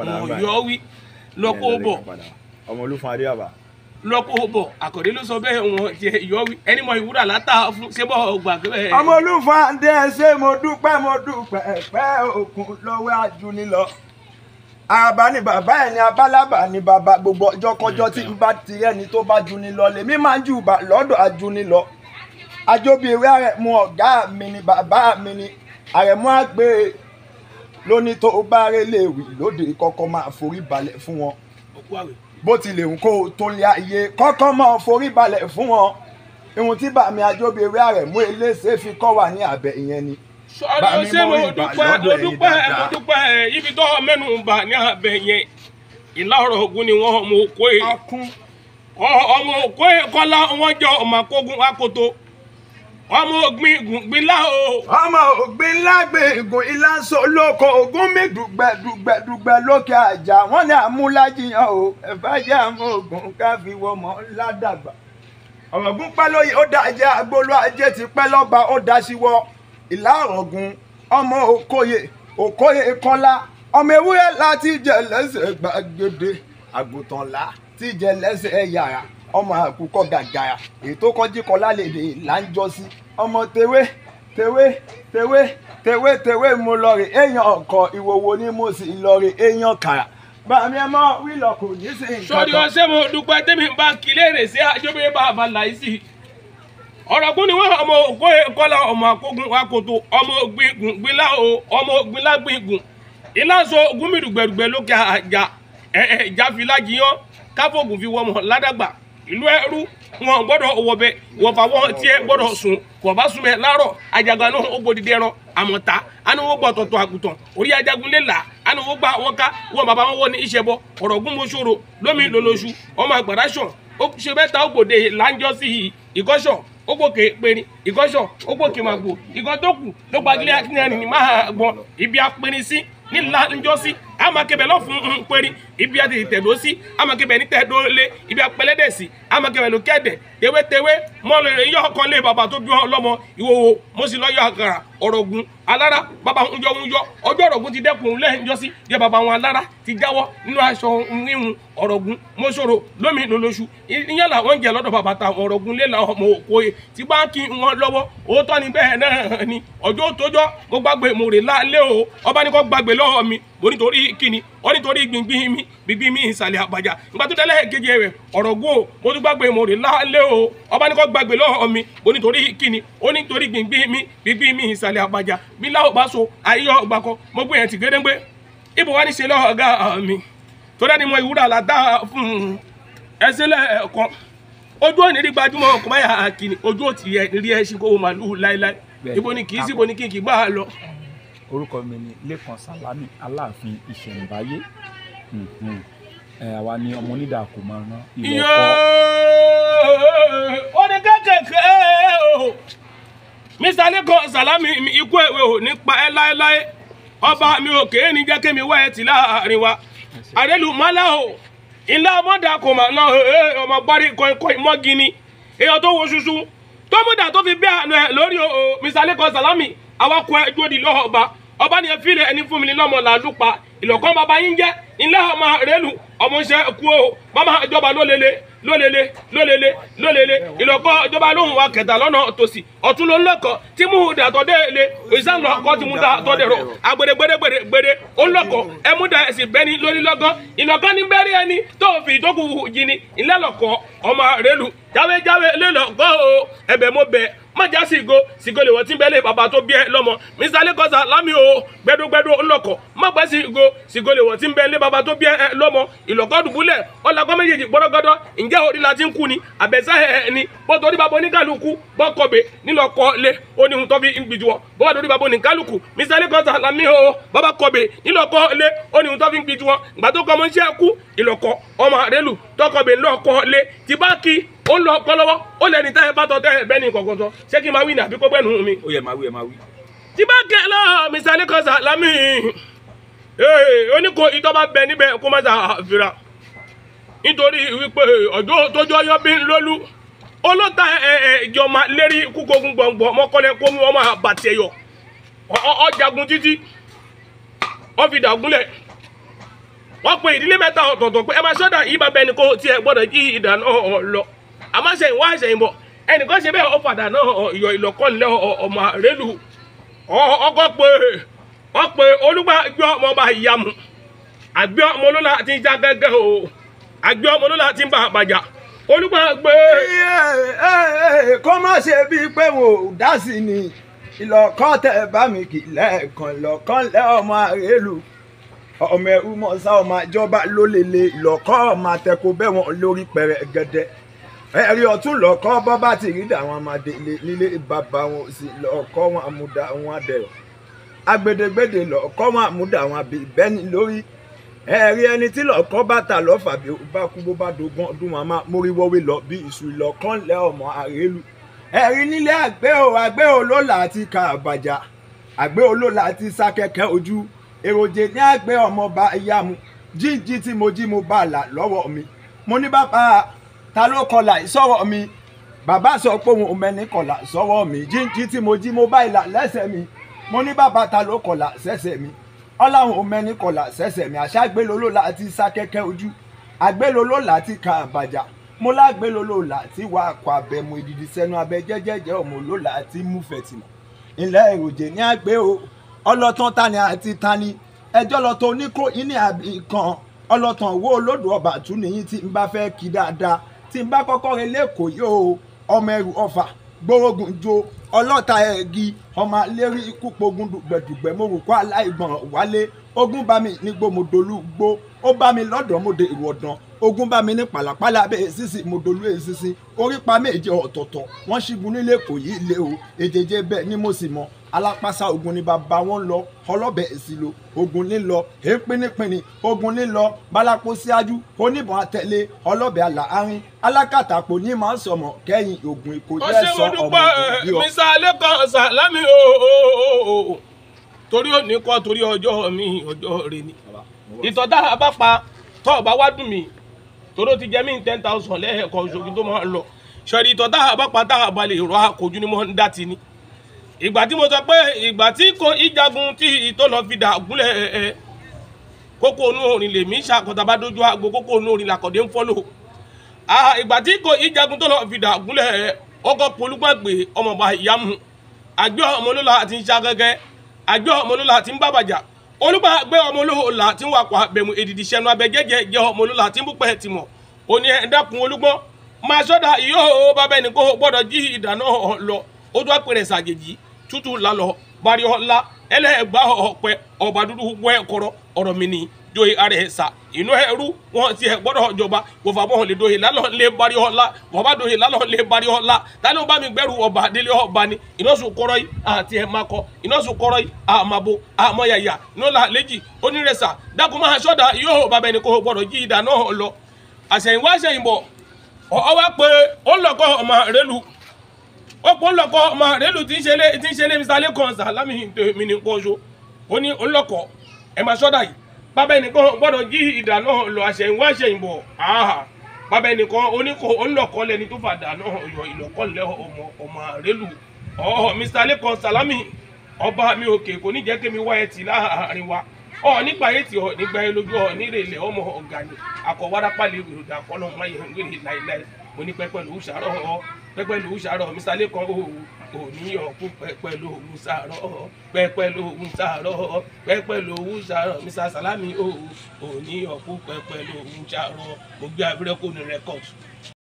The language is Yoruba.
ọ̀yọ́ wí lọ́kọ́ bọ̀ ọmọ olúfun adéyàbá lọ́kọ́ bọ̀ àkọ́dé ló sọ bẹ́ẹ̀ wọn jẹ ìyọ́ wí ẹni mọ ìwúrà látà fún ṣébọ̀ ọgbà bẹ́ẹ̀. ọmọ olúfun adé mo dúpẹ́ mo dúpẹ́ pẹ́ òkun lọ́wọ́ àjùní lọ àbá ni bàbá ẹ̀ ni abálábà ni bàbá gbogbo ọjọ́ kọjọ́ tí n bá ti rẹ́ni tó bá juni lọ lèmi máa ń jù bà lọ́dọ̀ àjuni lọ àjọbí ewé àrẹ̀mú ọ̀gá mi ni bàbá mi ni àrẹ̀mú àgbẹ̀ lóní tó bá rélé wì lóde kọ́kọ́ máa forí balẹ̀ fún wọn bó tilẹ̀ ń kó tó lé ayé kọ́kọ́ máa forí balẹ̀ fún wọn ìhun tí bàmí ajóbèrè àrẹ̀mú eléṣe fi kọ́ wa ní àbẹ̀ ìyẹn ni bàmí mo rí ìgbà lọ́dọ̀ ẹ̀yìn dáadáa. mo dúpẹ́ ibi tó mẹ́nu bà ní àbẹ̀ yẹn ìlà ọ̀rọ̀ ògùn ni wọ́n e. ọmọ òkú ẹ̀ ọmọ òkú ẹ̀ kọ́lá wọ́n jọ ọmọ akógun akoto ọmọ ògbìn gbìn lá o. ọmọ ògbìn lágbè ègùn ilá ń so lóko ogún mi dùgbẹ dùgbẹ dùgbẹ lókè àjà wọn ni àmúlájiyàn o ẹfájà àmọ ògùn káfí wọmọ ńlá dàgbà. ọ̀rọ̀gún pẹ́ lóye ó dájẹ́ agbolú ajé ti pẹ́ lọ́ba ó daṣíwọ́ ìlà ọ̀rọ̀gún ọmọ òkòyè òkòyè kọ́lá ọmọ ewúrẹ́ láti jẹ lẹ́sẹ̀ gbàgede àgùntàn lá ti jẹ lẹ́sẹ̀ yàrá. ọmọ àkùkọ gàgàrà ètò kọjíkọ lálẹ́dẹ̀ là ń jọ sí ọmọ tewé tewé tewé tewé tewé mo lọ rè èèyàn ọkọ ìwòwò ni mo sì lọ rè èèyàn kàrà bàmí ẹ mọ wílọ kò ní sí nǹkan mo bá sí kún ni ọmọ òkú ọmọ àkógun akoto ọmọ o ọmọ gbìngùn lókè àjà fi ìlú ẹrú wọn gbọ́dọ̀ wọbẹ wọfà wọn tiẹ gbọ́dọ̀ sùn kọba sùnmẹ láàárọ̀ àjàgbá náà ó gbòdìdì ẹran àmọ̀tá anáwó gbọ́ tọ̀tọ̀ àgùntàn orí ajagun lè là anáwó gba wọn ká wọn bàbá wọn wọ ní iṣẹ́ bọ ọ̀rọ̀ gún mo ṣòro lómi lòlóṣù ọmọ àgbàrá sàn ó ṣe mẹ́ta ó gbòde láńjọ́ sí ìkọ́ṣọ̀ ó gbòkè péré ìkọ́ṣọ̀ ó gbòkè màgbò ìkọ́ tó kù ló gbagilé akínyẹrin ní máa gbọ́n ibi apẹrin sí ní láńjọ́ sí Ama máa kẹbẹ̀ fun fún un mm, péré ibi a tètè tẹ̀dó sí a máa kẹbẹ̀ ní tẹ̀dó lé ibi a pẹlẹ́dẹ̀ sí a máa kẹbẹ̀ ló kẹ́dẹ̀ tewétewé mọ́ lóore yọ ọkọ lé bàbá tó bí ọlọ́mọ ìwòwò mo sì lọ yọ àkàrà alára bàbá ń yọ ń yọ ọjọ́ ọ̀rọ̀gún ti dẹ́kun lẹ́yìn jọ́sí jẹ́ bàbá wọn alára ti jáwọ́ nínú aṣọ wíhun ọ̀rọ̀gún mọ́ṣọ́rọ̀ lómi lólóṣù ìyẹn làwọn ń jẹ lọ́dọ̀ bàbá ta ọ̀rọ̀gún lé làwọn ọmọ òkò e ti bá ń kí wọn lọ́wọ́ òótọ́ ni bẹ́ẹ̀ náà ni ọjọ́ tójọ́ mo gbàgbé mo rè lálé o ọba ní kò gbàgbé lọ́wọ́ mi mo nítorí kíni onitori nítorí gbìngbìn mi bíbí mi ìsàlẹ̀ àbàjá nígbà tó dẹ́lẹ́ kejì rẹ̀ ọ̀rọ̀ gbó mo tún gbàgbé mo rè lálẹ́ o ọba ní kò gbàgbé lọ́wọ́ mi o nítorí kíni o nítorí gbìngbìn mi bíbí mi ìsàlẹ̀ àbàjá láwọ̀ so ayé ọgbà kan mo gbìyànjú gédéńgbé ibo wá ní ṣe lọ́wọ́ ọ̀gá mi tó ìwúrà fún ẹsẹ̀ ojú gbajúmọ̀ ọkùnrin àkìní ojú orúkọ mi ni Lékan Sàlámì Aláàfin Ìṣẹ̀ǹbáyé mhm. àwa ni ọmọ onídà kò máa rán ìwọ kọ. ó kékèké o Mr. Lékan Sàlámì ikú èwe ò ní pa láéláé ọba mi ò kéé ní jẹ́ kémi wá ẹ̀ tì láàrin wa àrẹ́lùmọ́lá o ilé ọmọdà kò mà lọ eh, eh, ọmọ gbárí kọ̀ìnkọ̀ìn mọ́gi ni èèyàn tó wo ṣuṣu tọ́mọdà tó fi bí àná ẹ̀ lórí o Mr. Lékan Sàlámì àwa kọ ẹjọ́ di lọ́ọ̀ba ọba ni ẹ fílẹ̀ ẹni fún mi ní lọ́mọ làálù pa ìlọ̀kọ́ bàbá yín jẹ́ ilé ọmọ rẹ́lù ọmọ iṣẹ́ kú o mama ìjọba lólele lólele lólele lólele ìlọ̀kọ́ ìjọba lóhùn wa kẹta lọ́nà tòsí ọ̀tún ló ń lọ́kọ̀ tí mú dà tọ́ dé ele ìsáǹlọ kọ́ ti mú dà tọ́ dẹ̀rọ agbèrè gbèrè gbèrè gbèrè ó lọ́kọ̀ ẹ mú dà ẹ̀sìn bẹ́ni lórí lọ́gán ìlọ̀kọ́ ní bẹ́rí ẹni tó fi ìjókòó jini ìlẹ́lọ̀kọ́ ọmọ rẹ́lù jáwéjáwé lélọ̀kọ́ o ẹ̀bẹ̀ mo bẹ̀ má já sìgò sìgò lè wọ́n tí ń bẹ́lẹ̀ bàbá tó bí ẹ lọ́mọ Mr Lagos lámì o gbẹdúgbẹdú ńlọkọ̀ má gbẹ́ sìgò sìgò lè wọ́n tí ń bẹ́lẹ̀ bàbá tó bí ẹ lọ́mọ ìlọ́kọ̀ dùbúlẹ̀ ọ̀làkọ́ méjèèjì gbọ́dọ̀gbọ́dọ̀ ǹjẹ́ orí la ti ń kú ni àbẹ̀sẹ̀ ẹ̀ ni bó torí bàbá oníkàlùkù bọ́ kọ̀bẹ̀ nílọ̀kọ̀ lé oníhun tó fi ń gbìjú wọ bó wà torí bàbá oníkàlùkù Mr Lagos lámì o bàbá kọ̀bẹ̀ nílọ̀kọ̀ lé oníhun tó fi ń gbìjú gbàtó kọ́mọ́ṣẹ́ kú ìlọ̀kọ̀ ọmọ àrẹ́lù tọkọ̀bẹ̀ ńlọ̀kọ̀ lé ti bá kí ó ń lọ kọ́ lọ́wọ́ ó lẹ́ni tẹ́ ẹ bá tọ́ tẹ́ ẹ bẹ́ẹ̀ ni kọ̀ọ̀kan sọ ṣé kí n máa wí ní àbí kó pẹ́ nù mí. ó yẹ máa wí ẹ máa wí. tí bá kẹ́ lọ mr nikosa lami oníko ìtọ́ bá bẹ níbẹ̀ kó má sa àfira nítorí wípé ọjọ́ tójú ọyọ́ bí lólú olóta ìjọba lérí kúkogun gbọ̀ngbọ̀n mọ́kọ́lẹ́ kó mú ọmọ àbàtẹ̀yọ̀ ọjàgun títí wọ́n fi dàgúnlẹ̀ wọ́n pe ìdílé mẹ́ta ọ̀tọ̀ọ̀tọ̀ pé ẹ máa sọ́dà yìí bá bẹni kó tiẹ̀ gbọ́dọ̀ kí ìdáná ọ̀ lọ amáṣẹyìn wá àṣẹyìn bọ̀ ẹnìkan ṣe bẹ́ẹ̀ ọ̀fàdà náà ìyọ̀ ìlọ̀kọ́nilẹ̀ ọmọ rẹ́lù ọkọ̀ pé ọ̀pẹ olúgbà gbé ọmọ ọba ìyàmù àgbẹ̀ ọmọ olóla ti ń já gẹ́gẹ́ o àgbẹ̀ ọmọ olóla ti ń bá àbàjá olúgbà gbé. kó má ṣe bíi pé wọn ò dá sí ni ìlọ̀kọ́ te ba mi kì lẹ́ẹ̀kan ìlọ̀kan lẹ́ ọmọ àrélù ọmọ ẹrú mọ́sá ọmọ àjọba lólele ìlọ̀kọ́ ọmọ àtẹkọ bẹ́ẹ̀ wọn lórí pẹ̀rẹ̀ gẹ́dẹ́ ẹ̀rí ọ̀tún lọ́kọ́ bọ́ bá ti rí dà wọn máa délé nílé bàbá wọn sì lọ́kọ́ wọn àmúdá wọn adẹ̀rọ̀ agbedegbede lọ́kọ́ wọn àmúdá wọn àbí ìbẹ́ni lórí ẹ̀rí ẹni tí lọ́kọ́ bá ta lọ́fà bí ó bá kú bó bá dogun ọdún wọn máa mórí wọ́wé lọ bí ìṣù ìlọ́kàn lẹ́ ọmọ àrélù ẹ̀rí nílé àgbẹ̀ o àgbẹ̀ o ló là á ti ka àbàjá àgbẹ̀ o ló là á ti sa kẹ̀kẹ́ ojú èròjè ní àgbẹ̀ ọmọ bá yá mu jíjí tí mo jí mo bá là lọ́wọ́ mi mo ní bàbá ta ló kọlà sọ́wọ́ mi bàbá sọ pé òun mẹ́ni kọlà sọ́wọ́ mi jíjí tí mo jí mo bá ìlà lẹ́sẹ̀ mi mo ní bàbá ta ló kọlà sẹ́sẹ̀ mi ọláhùn òun mẹ́ni kọlà sẹ́sẹ̀ mi àṣà gbélóló láti sá kẹ́kẹ́ ojú àgbélóló láti ka àbàjá mo lágbélóló láti wá akọ abẹ mo ìdìdì sẹ́nu abẹ jẹ́jẹ́jẹ́ ọmọ ló láti mú fẹ̀tìmọ̀ ilẹ̀ èròjè ní àgbé o ọlọ́tàn tani àti tani ẹjọ́ lọ́tọ̀ oníkó ìní àbí kan ọlọ́tàn wo olódò ọba tún nìyí tí n bá fẹ́ kí dáadáa tí n bá kọ́kọ́ rẹ lẹ́kọ̀ọ́ yóò ọmọ ẹrù ọfà gbórógùn jo ọlọ́ta ẹ̀gì ọmọ alérí ikú pogun dùgbẹ̀dùgbẹ̀ mo rò kó aláìgbọ̀n wálé ogún bá mi nígbó mo dolú gbó ó bá mi lọ́dọ̀ mo de ìwọ̀dàn ogun bá mi ní pàlàpàlà bẹ́ẹ̀ sísì mo dolú èsìsì orí pa méje ọ̀tọ̀ọ̀tọ̀ wọ́n ṣígun nílé kò yí lé o èjèjé bẹ́ẹ̀ ni mo sì mọ̀ alápàṣà ogun ni bàbá wọn lọ ọlọ́bẹ̀ èsì lo ogun lílọ èépínípínní ogun lílọ bálápò síájú oníbọn àtẹlé ọlọ́bẹ̀ àlàárín alákàtàpọ̀ ní màá sọmọ kẹ́yìn ogun ìkójẹ́ sọ ọmọ ìbí ọ. mr lẹ́kọ̀ọ́ mi ọjọ́ rẹ ni ìtọ́jà bá pa tọ́ọ̀ bá wá dùn tòró ti jẹ́ mí ten thousand lẹ́ẹ̀kan ṣoṣo tó máa ń lọ ṣọ̀rí ìtọ́ tá a bá pa tá lè rọ àkójú ni mo ń dá ti ni ìgbà tí mo sọ pé ìgbà tí kò ìjagun tí ìtọ́ lọ fi dà gúnlẹ̀ ẹ̀ kókó inú orin lèmi ṣàkọta bá dójú àgbo kókó inú orin làkọ̀dé ń fọ́lò ìgbà tí kò ìjagun tó lọ fi dà gúnlẹ̀ ẹ̀ ọkọ̀ polúgbàgbé ọmọọba ìyá mu àjọ ọmọlúlà àti ń ṣàgẹ́gẹ́ àjọ ọmọlúlà àti ń bàbàjà olùgbàgbé ọmọ olówó là tí ń wà pa bẹ̀mù èdìdì sẹ́nu abẹ́gẹ́gẹ́ jẹ́ ọmọ olówó tí ń búpẹ́ ti mọ̀ ó ní ẹ̀ńdàkùn olúgbọ́n máa sọ́dà ìyóò bàbá ẹni kó gbọ́dọ̀ jí ìdáná lọ ó tún apẹ̀rẹ̀ sàjèjì tútù lálọ́ bari ọ̀la ẹlẹ́gbàá ọ̀pẹ ọ̀bàdúdú gbọ́ ẹ̀kọ́rọ̀ ọ̀rọ̀ mi ni joyi are sa ino heru won ti he gbọ́dọ̀ jọba wo fa bo le doye lalo le bari hola wo ba doye lalo le bari hola ta ló bá mi gbẹ́rù ọba délé ọba ni ino su koro yi àti e mako ino su koro yi a mabo a mo yaya no la leji onírẹ̀sà dákun ma shoda yo baba ẹni kò gbọ́dọ̀ ji da no lo aseyin wa aseyin bo o wa pe o loko ọmọ relu o po ko ọmọ relu tin se le tin se le misale kan sa lami mi ni ko so oni oloko e ma shoda yi bàbá ẹnìkan gbọ́dọ̀ jí ìdà náà lọ àṣẹ̀yìnwá àṣẹ̀yìnbọ̀ àhà bàbá ẹnìkan oníkó onílọ̀kọ́lẹ̀ ni tó fàdà náà yọ ìlọ̀kọ́lẹ̀ ọmọ ọmọ rélù ọ̀ọ́ Mr Lekan Salami ọba mi òkè kò ní jẹ́ kémi wá ẹ tì láàrin wa ọ̀ nípa ayé tí ọ̀ nígbà ẹ lójú ọ̀ nílé ilẹ̀ ọmọ ọ̀gá ni àkọ̀wárapá lè ń wéde láéláé mo ní pẹ́pẹ́ ṣàárọ̀ ọ pẹ́pẹ́ ṣàárọ̀ Mr. Lékan òwò òníyànkú pẹ́pẹ́ lòún ṣàárọ̀ pẹ́pẹ́ lòún ṣàárọ̀ pẹ́pẹ́ lòún ṣàárọ̀ Mr. Salami òwò òníyànkú pẹ́pẹ́ lòún ṣàárọ̀ mo gbé abúrẹ́kùnrin rẹ́kọ̀tù.